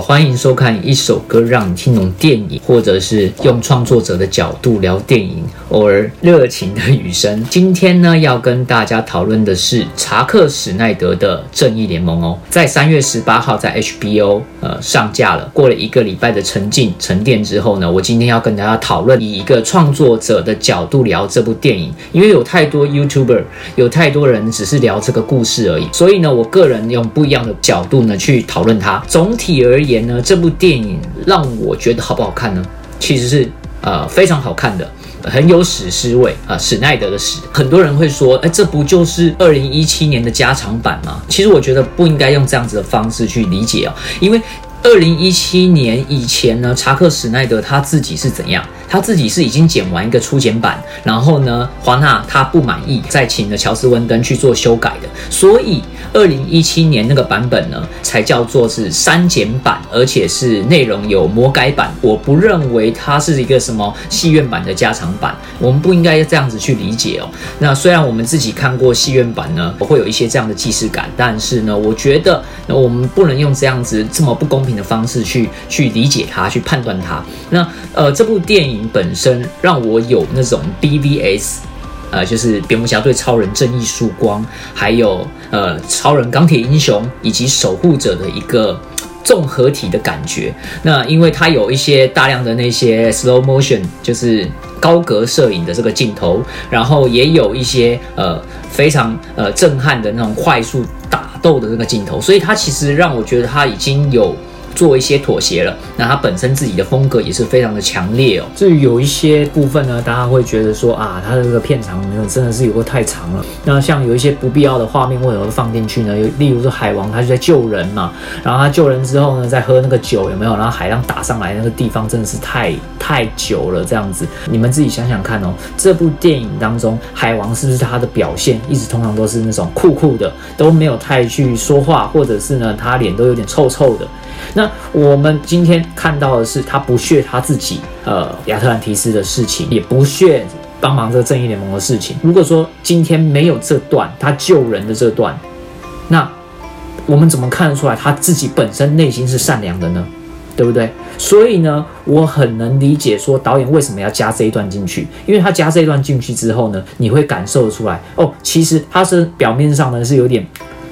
歡迎收看，一首歌讓你聽懂電影，或者是用創作者的角度聊電影。偶爾熱情的雨聲。今天呢，要跟大家討論的是查克史奈德的《正義聯盟》哦，在三月十八號在 HBO 呃上架了。過了一個禮拜的沉浸沉澱之後呢，我今天要跟大家討論，以一個創作者的角度聊這部電影，因為有太多 YouTuber，有太多人只是聊這個故事而已。所以呢，我個人用不一樣的角度呢去討論它。總體而言呢，這部電影讓我覺得好不好看呢？其實是呃非常好看的。很有史詩味啊，史奈德的史，很多人會說，哎、欸，這不就是二零一七年的加長版嗎？其實我覺得不應該用這樣子的方式去理解哦，因為二零一七年以前呢，查克·史奈德他自己是怎樣？他自己是已經剪完一個初剪版，然後呢，華納他不滿意，再請了喬斯·溫登去做修改的，所以二零一七年那個版本呢，才叫做是刪減版，而且是內容有魔改版。我不認為它是一個什麼戲院版的加長版，我們不應該這樣子去理解哦。那雖然我們自己看過戲院版呢，我會有一些這樣的既視感，但是呢，我覺得。那我們不能用這樣子這麼不公平的方式去去理解它，去判斷它。那呃，這部電影本身讓我有那種 BVS 呃，就是蝙蝠俠對超人正義曙光，還有呃超人鋼鐵英雄以及守護者的一個綜合體的感覺。那因為它有一些大量的那些 slow motion，就是高格攝影的這個鏡頭，然後也有一些呃非常呃震撼的那種快速鬥的那個鏡頭，所以它其實讓我覺得它已經有。做一些妥協了，那他本身自己的風格也是非常的強烈哦。至於有一些部分呢，大家會覺得說啊，他的這個片長真的是有夠太長了。那像有一些不必要的畫面，為何放進去呢？有，例如說海王他就在救人嘛，然後他救人之後呢，在喝那個酒有沒有？然後海浪打上來那個地方真的是太太久了這樣子，你們自己想想看哦。這部電影當中，海王是不是他的表現一直通常都是那種酷酷的，都沒有太去說話，或者是呢，他臉都有點臭臭的。那我們今天看到的是，他不屑他自己，呃，亞特蘭蒂斯的事情，也不屑幫忙這個正義聯盟的事情。如果說今天沒有這段他救人的這段，那我們怎麼看得出來他自己本身內心是善良的呢？對不對？所以呢，我很能理解說導演為什麼要加這一段進去，因為他加這一段進去之後呢，你會感受得出來，哦，其實他是表面上呢是有點。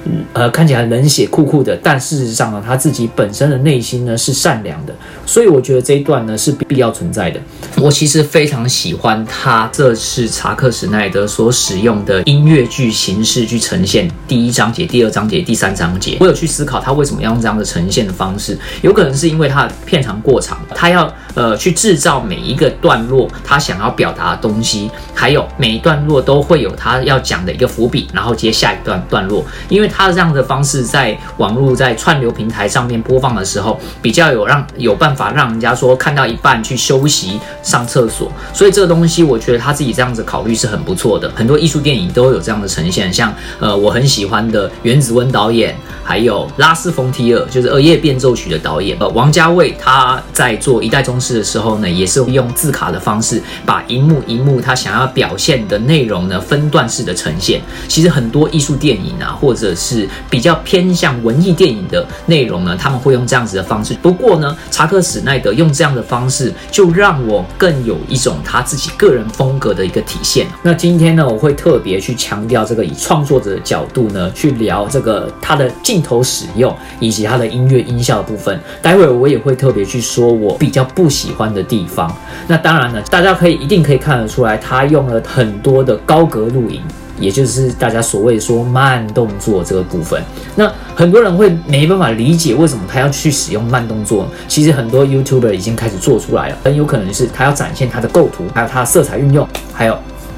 嗯、呃，看起來冷血酷酷的，但事實上呢，他自己本身的內心，呢是善良的，所以我覺得這一段呢是必要存在的。我其實非常喜歡他這次查克·史奈德所使用的音樂劇形式去呈現第一章節、第二章節、第三章節。我有去思考他為什麼要用這樣的呈現的方式，有可能是因為他的片長過長，他要。呃，去製造每一個段落他想要表達的東西，還有每一段落都會有他要講的一個伏筆，然後接下一段段落。因為他的這樣的方式，在網絡在串流平台上面播放的時候，比較有讓有辦法讓人家說看到一半去休息、上廁所。所以這個東西，我覺得他自己這樣子考慮是很不錯的。很多藝術電影都有這樣的呈現，像呃，我很喜歡的園子溫導演，還有拉斯馮提爾，就是《厄夜變奏曲》的導演，呃，王家衛他在做《一代宗》。的時候呢，也是用字卡的方式把一幕一幕他想要表現的內容呢，分段式的呈現。其實很多藝術電影啊，或者是比較偏向文藝電影的內容呢，他們會用這樣子的方式。不過呢，查克史奈德用這樣的方式就讓我更有一種他自己個人風格的一個體現。那今天呢，我會特別去強調這個以創作者的角度呢，去聊這個他的鏡頭使用以及他的音樂音效部分。待會我也會特別去說，我比較不。喜歡的地方，那當然了，大家可以一定可以看得出來，他用了很多的高格錄影，也就是大家所謂說慢動作這個部分。那很多人會沒辦法理解為什麼他要去使用慢動作，其實很多 YouTuber 已經開始做出來了，很有可能是他要展現他的構圖，還有他的色彩運用，還有。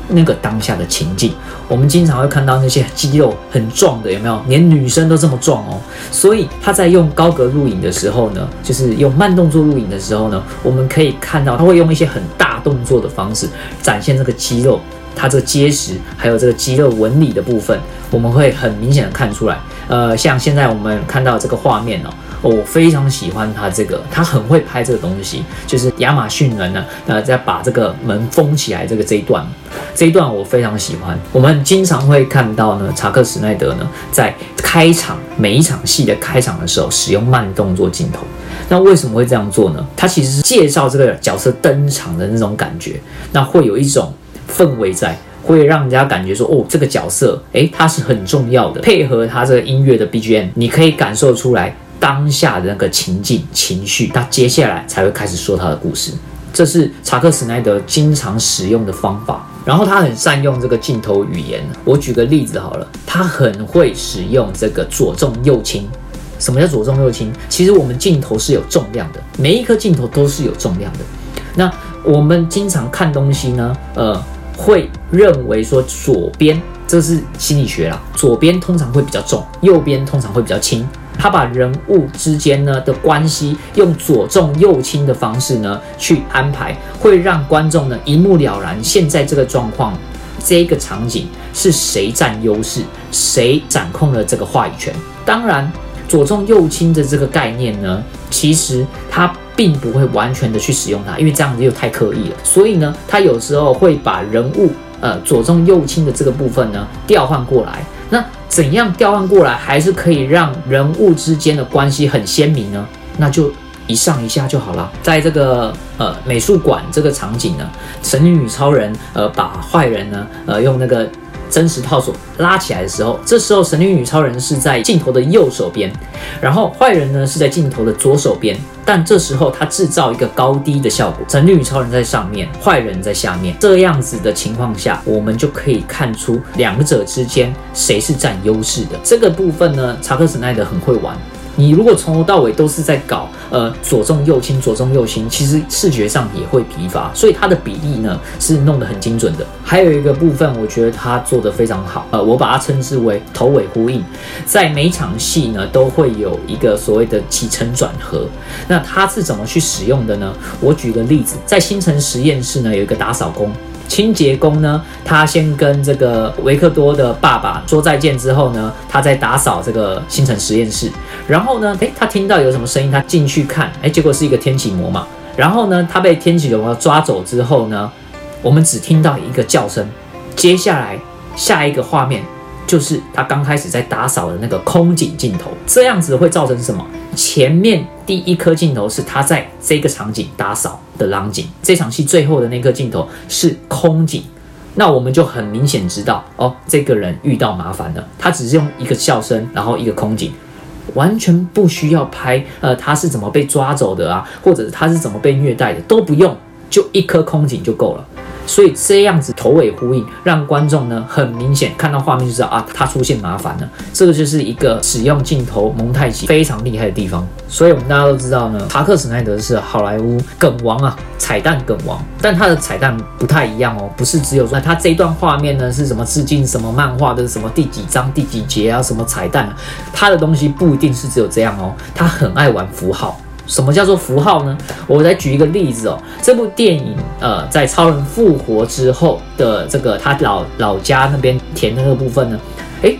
那個當下的情境，我們經常會看到那些肌肉很壯的，有沒有？連女生都這麼壯哦。所以他在用高格錄影的時候呢，就是用慢動作錄影的時候呢，我們可以看到他會用一些很大動作的方式展現這個肌肉，它這個結實，還有這個肌肉紋理的部分，我們會很明顯的看出來。呃，像現在我們看到這個畫面哦。我非常喜歡他這個，他很會拍這個東西，就是亞馬遜人呢，呃，在把這個門封起來這個這一段，這一段我非常喜歡。我們經常會看到呢，查克史奈德呢，在開場每一場戲的開場的時候使用慢動作鏡頭。那為什麼會這樣做呢？他其實是介紹這個角色登場的那種感覺，那會有一種氛圍在，會讓人家感覺說哦，這個角色誒、欸，他是很重要的，配合他這個音樂的 BGM，你可以感受出來當下的那個情境，情緒，他接下來才會開始說他的故事。這是查克·史奈德經常使用的方法。然後他很善用這個鏡頭語言。我舉個例子好了，他很會使用這個左重右輕。什麼叫左重右輕？其實我們鏡頭是有重量的，每一顆鏡頭都是有重量的。那我們經常看東西呢，呃，會認為說左邊這是心理學啦，左邊通常會比較重，右邊通常會比較輕。他把人物之間呢的關係用左重右輕的方式呢去安排，會讓觀眾呢一目了然。現在這個狀況，這個場景是誰佔優勢，誰掌控了這個話語權？當然，左重右輕的這個概念呢，其實他並不會完全的去使用它，因為這樣子又太刻意了。所以呢，他有時候會把人物呃左重右輕的這個部分呢調換過來。怎樣調換過來，還是可以讓人物之間的關係很鮮明呢？那就一上一下就好了。在這個呃美術館這個場景呢，神女與超人呃把壞人呢呃用那個。真實套索拉起來的時候，這時候神力女超人是在鏡頭的右手邊，然後壞人呢是在鏡頭的左手邊。但這時候他製造一個高低的效果，神力女超人在上面，壞人在下面。這樣子的情況下，我們就可以看出兩者之間誰是佔優勢的。這個部分呢，查克史奈德很會玩。你如果從頭到尾都是在搞。呃，左重右輕，左重右輕，其實視覺上也會疲乏，所以它的比例呢是弄得很精準的。還有一個部分，我覺得它做得非常好，呃，我把它稱之為頭尾呼應，在每場戲呢都會有一個所謂的起承轉合。那它是怎麼去使用的呢？我舉個例子，在星辰實驗室呢有一個打掃工。清潔工呢，他先跟這個維克多的爸爸說再見之後呢，他在打掃這個星辰實驗室。然後呢，誒，他聽到有什麼聲音，他進去看，誒，結果是一個天啟魔嘛。然後呢，他被天啟魔抓走之後呢，我們只聽到一個叫聲。接下來下一個畫面就是他剛開始在打掃的那個空景鏡頭。這樣子會造成什麼？前面。第一顆鏡頭是他在這個場景打掃的廊景，這場戲最後的那個鏡頭是空景，那我們就很明顯知道哦，這個人遇到麻煩了。他只是用一個笑聲，然後一個空景，完全不需要拍，呃，他是怎麼被抓走的啊，或者他是怎麼被虐待的都不用，就一顆空景就夠了。所以這樣子頭尾呼應，讓觀眾呢很明顯看到畫面就知道啊，他出現麻煩了。這個就是一個使用鏡頭蒙太奇非常厲害的地方。所以我們大家都知道呢，查克·史奈德是好萊塢梗王啊，彩蛋梗王。但他的彩蛋不太一樣哦，不是只有說他這一段畫面呢是什麼致敬什麼漫畫的什麼第幾章第幾節啊什麼彩蛋啊。他的東西不一定是只有這樣哦，他很愛玩符號。什麼叫做符號呢？我來舉一個例子哦。這部電影，呃，在超人復活之後的這個他老老家那邊填的那個部分呢，哎，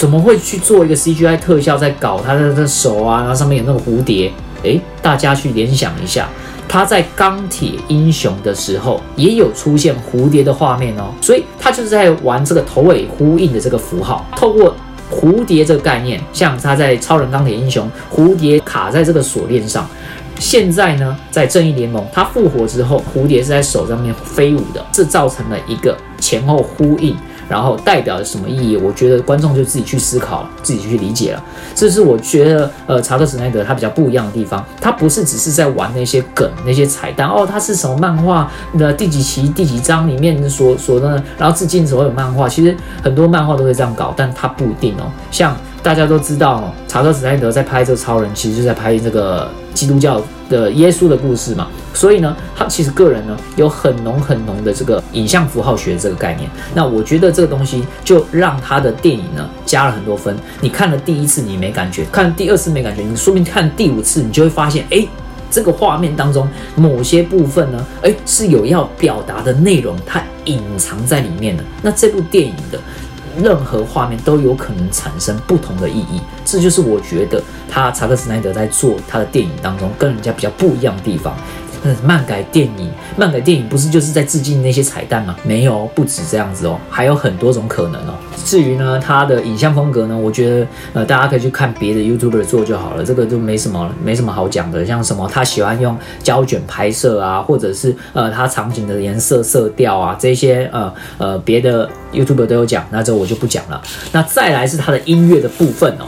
怎麼會去做一個 CGI 特效在搞他的，的手啊？然後上面有那個蝴蝶，哎，大家去聯想一下，他在鋼鐵英雄的時候也有出現蝴蝶的畫面哦。所以他就是在玩這個頭尾呼應的這個符號，透過，蝴蝶這個概念，像他在超人鋼鐵英雄，蝴蝶卡在這個鎖鏈上。現在呢，在正義聯盟，他復活之後，蝴蝶是在手上面飛舞的，這造成了一個前後呼應。然後代表着什麼意義？我覺得觀眾就自己去思考，自己去理解了。這是我覺得，呃，查克·史奈德他比較不一樣的地方，他不是只是在玩那些梗，那些彩蛋哦。他是什麼漫畫的第幾期、第幾章裡面所、所的，然後致敬所有漫畫，其實很多漫畫都會這樣搞，但他不一定哦。像大家都知道，查克·史奈德在拍這個超人，其實就在拍這個。基督教的耶穌的故事嘛，所以呢，他其實個人呢有很濃很濃的這個影像符號學這個概念。那我覺得這個東西就讓他的電影呢加了很多分。你看了第一次你沒感覺，看第二次沒感覺，你說不定看第五次你就會發現，哎，這個畫面當中某些部分呢，哎是有要表達的內容，它隱藏在裡面的。那這部電影的。任何畫面都有可能產生不同的意義，這就是我覺得他查克史奈德在做他的電影當中跟人家比較不一樣的地方。漫改電影，漫改電影不是就是在致敬那些彩蛋嗎？沒有，不止這樣子哦，還有很多種可能哦。至於呢，他的影像風格呢，我覺得呃，大家可以去看別的 YouTuber 做就好了，這個就沒什麼沒什麼好講的。像什麼他喜歡用膠卷拍攝啊，或者是呃他場景的顏色色調啊這些呃呃別的 YouTuber 都有講，那這我就不講了。那再來是他的音樂的部分哦。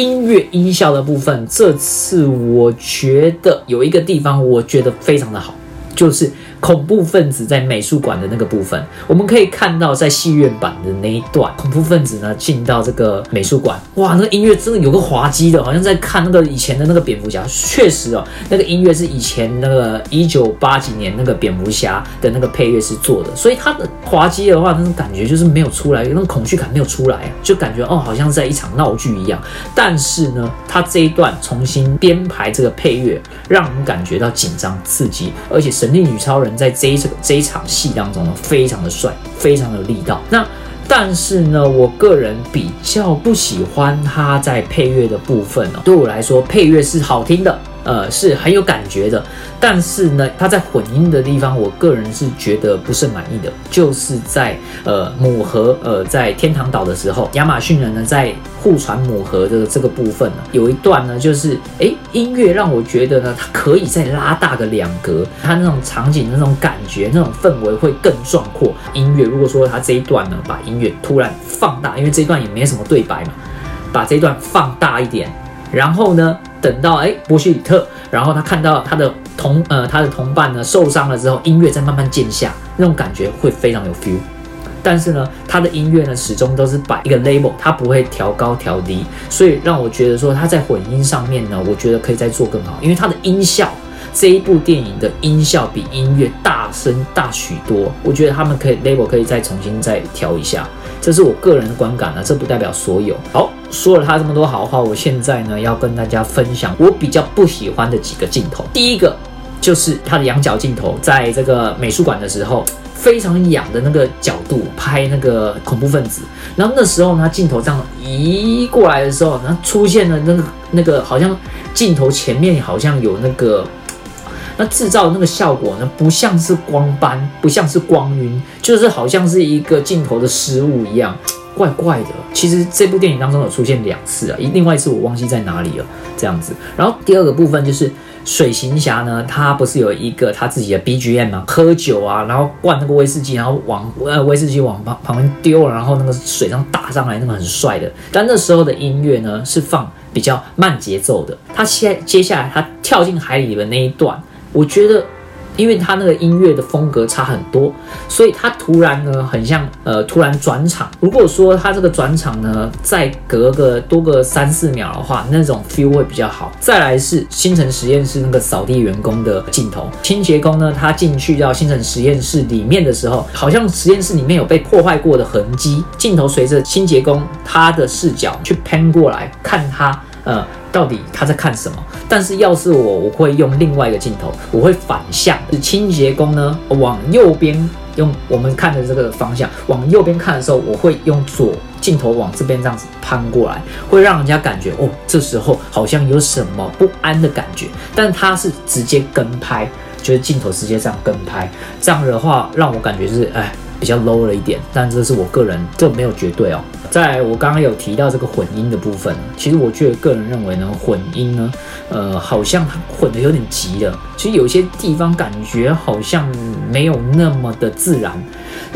音樂音效的部分，這次我覺得有一個地方，我覺得非常的好，就是。恐怖分子在美術館的那個部分，我們可以看到在戲院版的那一段，恐怖分子呢，進到這個美術館，哇，那音樂真的有個滑稽的，好像在看那個以前的那個蝙蝠俠。確實哦，那個音樂是以前那個一九八幾年那個蝙蝠俠的那個配樂是做的，所以它的滑稽的話，那種感覺就是沒有出來，有那種恐懼感沒有出來，就感覺哦，好像在一場鬧劇一樣。但是呢，他這一段重新編排這個配樂，讓我們感覺到緊張刺激，而且神力女超人。在這一場這一場戲當中呢，非常的帥，非常的力道。那但是呢，我個人比較不喜歡他在配樂的部分呢、喔，對我來說，配樂是好聽的。呃，是很有感覺的，但是呢，它在混音的地方，我個人是覺得不甚滿意的。就是在呃母盒，呃,呃在天堂島的時候，亞馬遜人呢在互傳母盒的、這個、這個部分呢，有一段呢，就是哎、欸、音樂讓我覺得呢，它可以再拉大個兩格，它那種場景那種感覺那種氛圍會更壯闊。音樂如果說它這一段呢，把音樂突然放大，因為這一段也沒什麼對白嘛，把這一段放大一點。然後呢，等到哎，波西里特，然後他看到他的同呃他的同伴呢受傷了之後，音樂在慢慢漸下，那種感覺會非常有 feel。但是呢，他的音樂呢始終都是擺一個 level，他不會調高調低，所以讓我覺得說他在混音上面呢，我覺得可以再做更好，因為他的音效這一部電影的音效比音樂大聲大許多，我覺得他們可以 level 可以再重新再調一下。這是我個人的觀感啊，這不代表所有。好，說了他這麼多好的話，我現在呢要跟大家分享我比較不喜歡的幾個鏡頭。第一個就是他的仰角鏡頭，在這個美術館的時候，非常仰的那個角度拍那個恐怖分子。然後那時候呢鏡頭這樣移過來的時候，然後出現了那個那個好像鏡頭前面好像有那個。那製造的那個效果呢，不像是光斑，不像是光暈，就是好像是一個鏡頭的失誤一樣，怪怪的。其實這部電影當中有出現兩次啊，一另外一次我忘記在哪裡了，這樣子。然後第二個部分就是水行俠呢，他不是有一個他自己的 BGM 嗎？啊？喝酒啊，然後灌那個威士忌，然後往呃威士忌往旁旁邊丟了，然後那個水上打上來，那個很帥的。但那時候的音樂呢是放比較慢節奏的。他先，接下來他跳進海裡的那一段。我覺得，因為他那個音樂的風格差很多，所以他突然呢很像呃突然轉場。如果說他這個轉場呢再隔個多個三四秒的話，那種 feel 會比較好。再來是星辰實驗室那個掃地員工的鏡頭，清潔工呢他進去到星辰實驗室裡面的時候，好像實驗室裡面有被破壞過的痕跡。鏡頭隨着清潔工他的視角去 pan 過來，看他呃。到底他在看什麼？但是要是我，我會用另外一個鏡頭，我會反向。清潔工呢，往右邊用我們看的這個方向，往右邊看的時候，我會用左鏡頭往這邊這樣子拍過來，會讓人家感覺哦，這時候好像有什麼不安的感覺。但他是直接跟拍，就是鏡頭直接這樣跟拍，這樣的話讓我感覺是哎比較 low 了一點。但這是我個人，這沒有絕對哦。在我剛剛有提到這個混音的部分，其實我覺得，個人認為呢，混音呢，呃，好像混得有點急了，其實有些地方感覺好像沒有那麼的自然。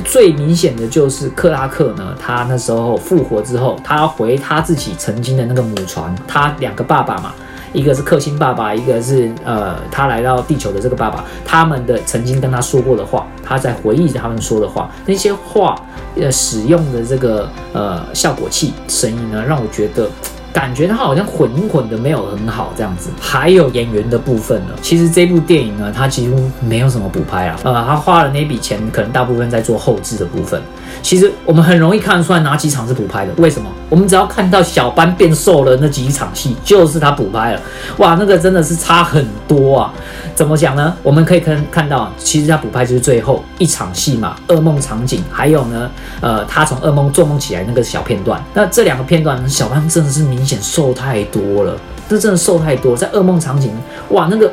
最明顯的就是克拉克呢，他那時候復活之後，他回他自己曾經的那個母船，他兩個爸爸嘛。一個是氪星爸爸，一個是呃，他來到地球的這個爸爸，他們的曾經跟他說過的話，他在回憶他們說的話，那些話，呃，使用的這個呃效果器聲音呢，讓我覺得。感覺他好像混混的沒有很好，這樣子。還有演員的部分呢。其實，這部電影呢，他幾乎沒有什麼補拍啊、呃。他花了那筆錢，可能大部分在做後製的部分。其實我們很容易看出來哪幾場是補拍的。為什麼？我們只要看到小班變瘦了那幾場戲，就是他補拍了。哇，那個真的是差很多啊。怎麼講呢？我們可以看看到，其實他補拍就是最後一場戲嘛，噩夢場景，還有呢，呃，他從噩夢做夢起來那個小片段。那這兩個片段，小班真的是明顯瘦太多了，那真的瘦太多。在噩夢場景，哇，那個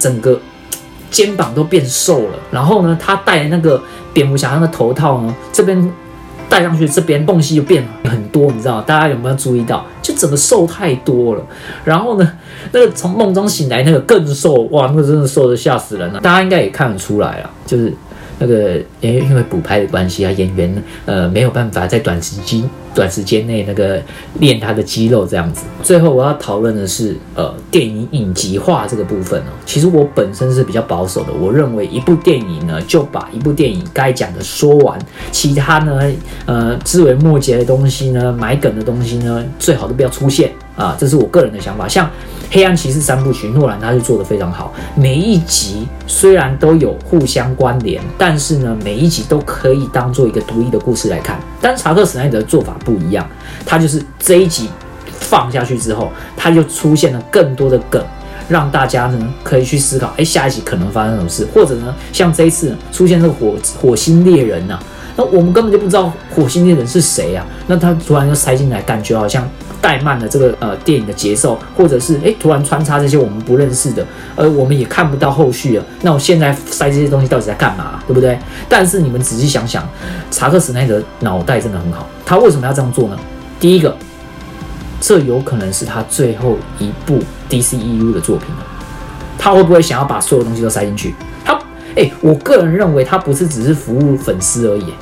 整個肩膀都變瘦了。然後呢，他戴那個蝙蝠俠那個頭套呢，這邊。戴上去這邊縫隙就變很多，你知道？大家有沒有注意到？就整個瘦太多了。然後呢，那個從夢中醒來那個更瘦，哇，那個真的瘦的嚇死人了。大家應該也看得出來啊，就是那個因因為補拍的關係啊，演員呃沒有辦法在短時間。短時間內那個練他的肌肉這樣子。最後我要討論的是，呃，電影影集化這個部分哦。其實我本身是比較保守的，我認為一部電影呢，就把一部電影該講的說完，其他呢，呃，枝微末節的東西呢，埋梗的東西呢，最好都不要出現啊。這是我個人的想法。像《黑暗騎士》三部曲，諾蘭他就做得非常好，每一集雖然都有互相關聯，但是呢，每一集都可以當做一個獨立的故事來看。但查克史奈德的做法，不一樣，它就是這一集放下去之後，它就出現了更多的梗，讓大家呢可以去思考，哎，下一集可能發生什麼事，或者呢，像這一次出現這個火火星獵人吶，那我們根本就不知道火星獵人是誰啊，那他突然就塞進來，感覺好像。怠慢了這個呃電影的節奏，或者是誒突然穿插這些我們不認識的，而、呃、我們也看不到後續了。那我現在塞這些東西到底在幹嘛，啊，對不對？但是你們仔細想想，查克史奈德腦袋真的很好，他為什麼要這樣做呢？第一個，這有可能是他最後一部 DCEU 的作品了，他會不會想要把所有東西都塞進去？他誒，我個人認為他不是只是服務粉絲而已，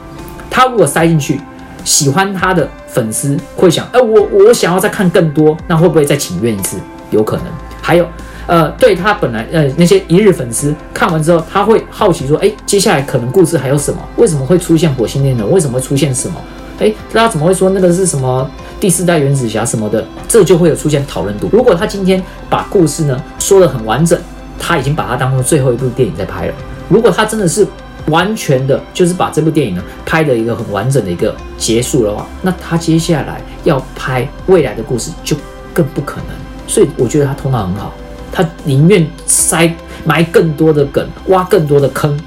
他如果塞進去。喜歡他的粉絲會想，哎、呃，我我想要再看更多，那會不會再請願一次？有可能。還有，呃，對他本來呃那些一日粉絲看完之後，他會好奇說，誒，接下來可能故事還有什麼？為什麼會出現火星獵人？為什麼會出現什麼？哎，大家怎麼會說那個是什麼第四代原子俠什麼的？這就會有出現討論度。如果他今天把故事呢說得很完整，他已經把它當做最後一部電影在拍了。如果他真的是。完全的，就是把這部電影呢拍的一個很完整的一個結束的話，那他接下來要拍未來的故事就更不可能。所以我覺得他頭腦很好，他寧願塞埋更多的梗，挖更多的坑，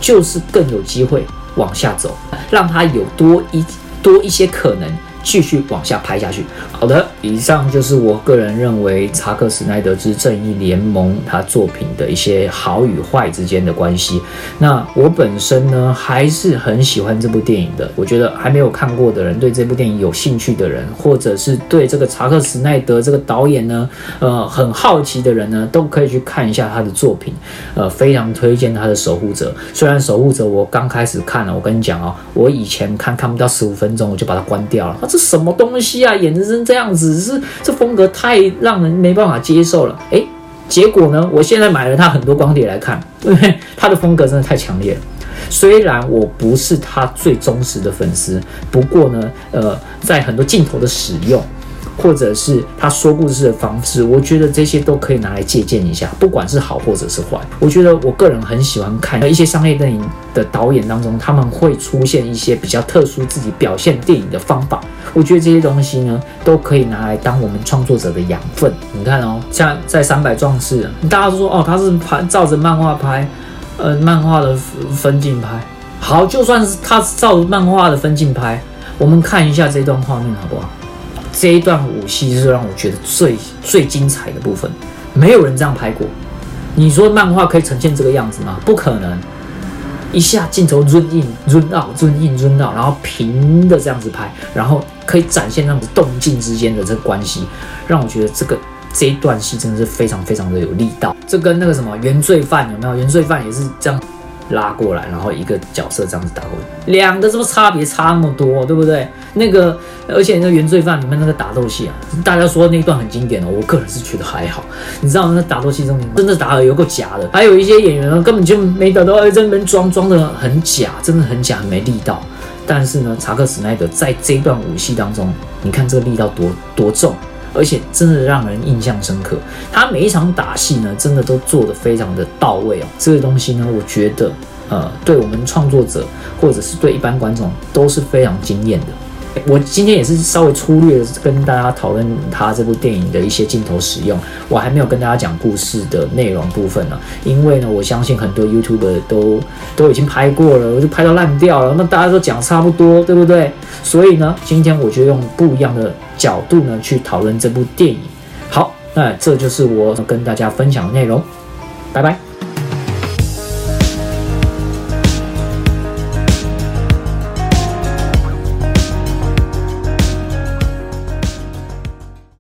就是更有機會往下走，讓他有多一多一些可能。繼續往下拍下去。好的，以上就是我個人認為查克·史奈德之《正義聯盟》他作品的一些好與壞之間的關係。那我本身呢，還是很喜歡這部電影的。我覺得還沒有看過的人，對這部電影有興趣的人，或者是對這個查克·史奈德這個導演呢，呃，很好奇的人呢，都可以去看一下他的作品。呃，非常推薦他的《守護者》。雖然《守護者》我剛開始看了，我跟你講啊、喔，我以前看看不到十五分鐘，我就把它關掉了。什麼東西啊！演成這樣子，是這風格太讓人沒辦法接受了。誒、欸，結果呢？我現在買了他很多光碟來看，呵呵，他的風格真的太強烈。雖然我不是他最忠實的粉絲，不過呢，呃，在很多鏡頭的使用。或者是他說故事的方式，我覺得這些都可以拿來借鑒一下，不管是好或者是壞。我覺得我個人很喜歡看一些商業電影的導演當中，他們會出現一些比較特殊自己表現電影的方法。我覺得這些東西呢，都可以拿來當我們創作者的養分。你看哦，像在《三百壯士》，大家都說哦，他是拍，照着漫畫拍，呃，漫畫的分鏡拍。好，就算是他照着漫畫的分鏡拍，我們看一下這段畫面好不好？這一段武戲是讓我覺得最最精彩的部分，沒有人這樣拍過。你說漫畫可以呈現這個樣子嗎？不可能，一下鏡頭 run in run out run in run out，然後平的這樣子拍，然後可以展現那種動靜之間的這個關係，讓我覺得這個這一段戲真的是非常非常的有力道。這跟、個、那個什麼《原罪犯》有沒有？《原罪犯》也是這樣。拉過來，然後一個角色這樣子打過來，兩個是不是差別差那麼多，對不對？那個，而且那個原罪犯裡面那個打鬥戲啊，大家說的那段很經典了，哦，我個人是覺得還好。你知道那打鬥戲中，真的打的有夠假的，還有一些演員呢，根本就沒打到，那邊裝裝的很假，真的很假，很沒力道。但是呢，查克史奈德在這段武戲當中，你看這個力道多多重。而且真的讓人印象深刻，他每一場打戲呢，真的都做得非常的到位哦、啊。這個東西呢，我覺得，呃，對我們創作者或者是對一般觀眾都是非常驚艷的。我今天也是稍微粗略的跟大家討論他這部電影的一些鏡頭使用，我還沒有跟大家講故事的內容部分呢，啊，因為呢，我相信很多 YouTuber 都都已經拍過了，我就拍到爛掉了，那大家都講差不多，對不對？所以呢，今天我就用不一樣的角度呢去討論這部電影。好，那這就是我跟大家分享的內容，拜拜。